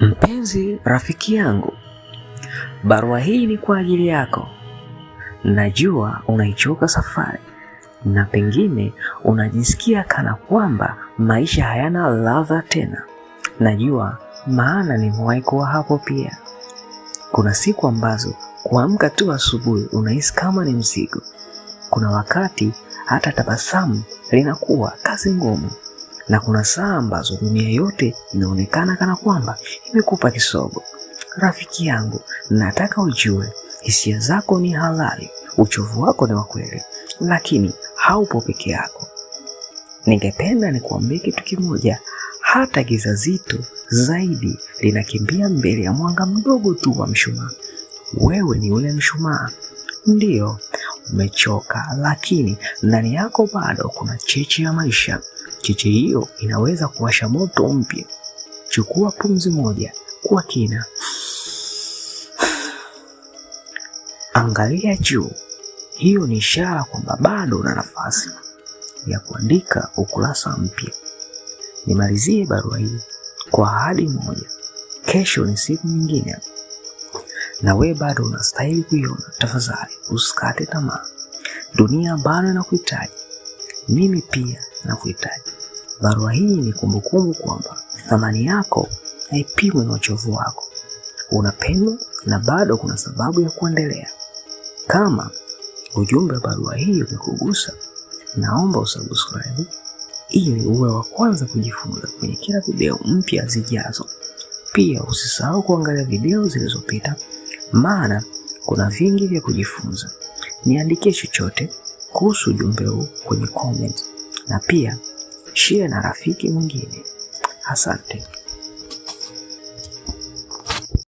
Mpenzi rafiki yangu, barua hii ni kwa ajili yako. Najua unaichoka safari na pengine unajisikia kana kwamba maisha hayana ladha tena. Najua maana nimewahi kuwa hapo pia. Kuna siku ambazo kuamka tu asubuhi unahisi kama ni mzigo. Kuna wakati hata tabasamu linakuwa kazi ngumu na kuna saa ambazo dunia yote inaonekana kana kwamba imekupa kisogo. Rafiki yangu, nataka ujue hisia zako ni halali, uchovu wako ni wa kweli, lakini haupo peke yako. Ningependa nikuambie kitu kimoja, hata giza zito zaidi linakimbia mbele ya mwanga mdogo tu wa mshumaa. Wewe ni ule mshumaa. Ndiyo, umechoka, lakini ndani yako bado kuna cheche ya maisha cheche hiyo inaweza kuwasha moto mpya. Chukua pumzi moja kwa kina, angalia juu. Hiyo ni ishara kwamba bado una nafasi ya kuandika ukurasa mpya. Nimalizie barua hii kwa ahadi moja, kesho ni siku nyingine, na we bado unastahili kuiona. Tafadhali usikate tamaa. Dunia bado inakuhitaji, mimi pia nakuhitaji. Barua hii ni kumbukumbu kwamba thamani yako haipimwi na uchovu wako. Unapendwa na bado kuna sababu ya kuendelea. Kama ujumbe wa barua hii umekugusa, naomba usubscribe ili uwe wa kwanza kujifunza kwenye kila video mpya zijazo. Pia usisahau kuangalia video zilizopita, maana kuna vingi vya kujifunza. Niandikie chochote kuhusu ujumbe huu kwenye comment, na pia shia na rafiki mwingine. Asante.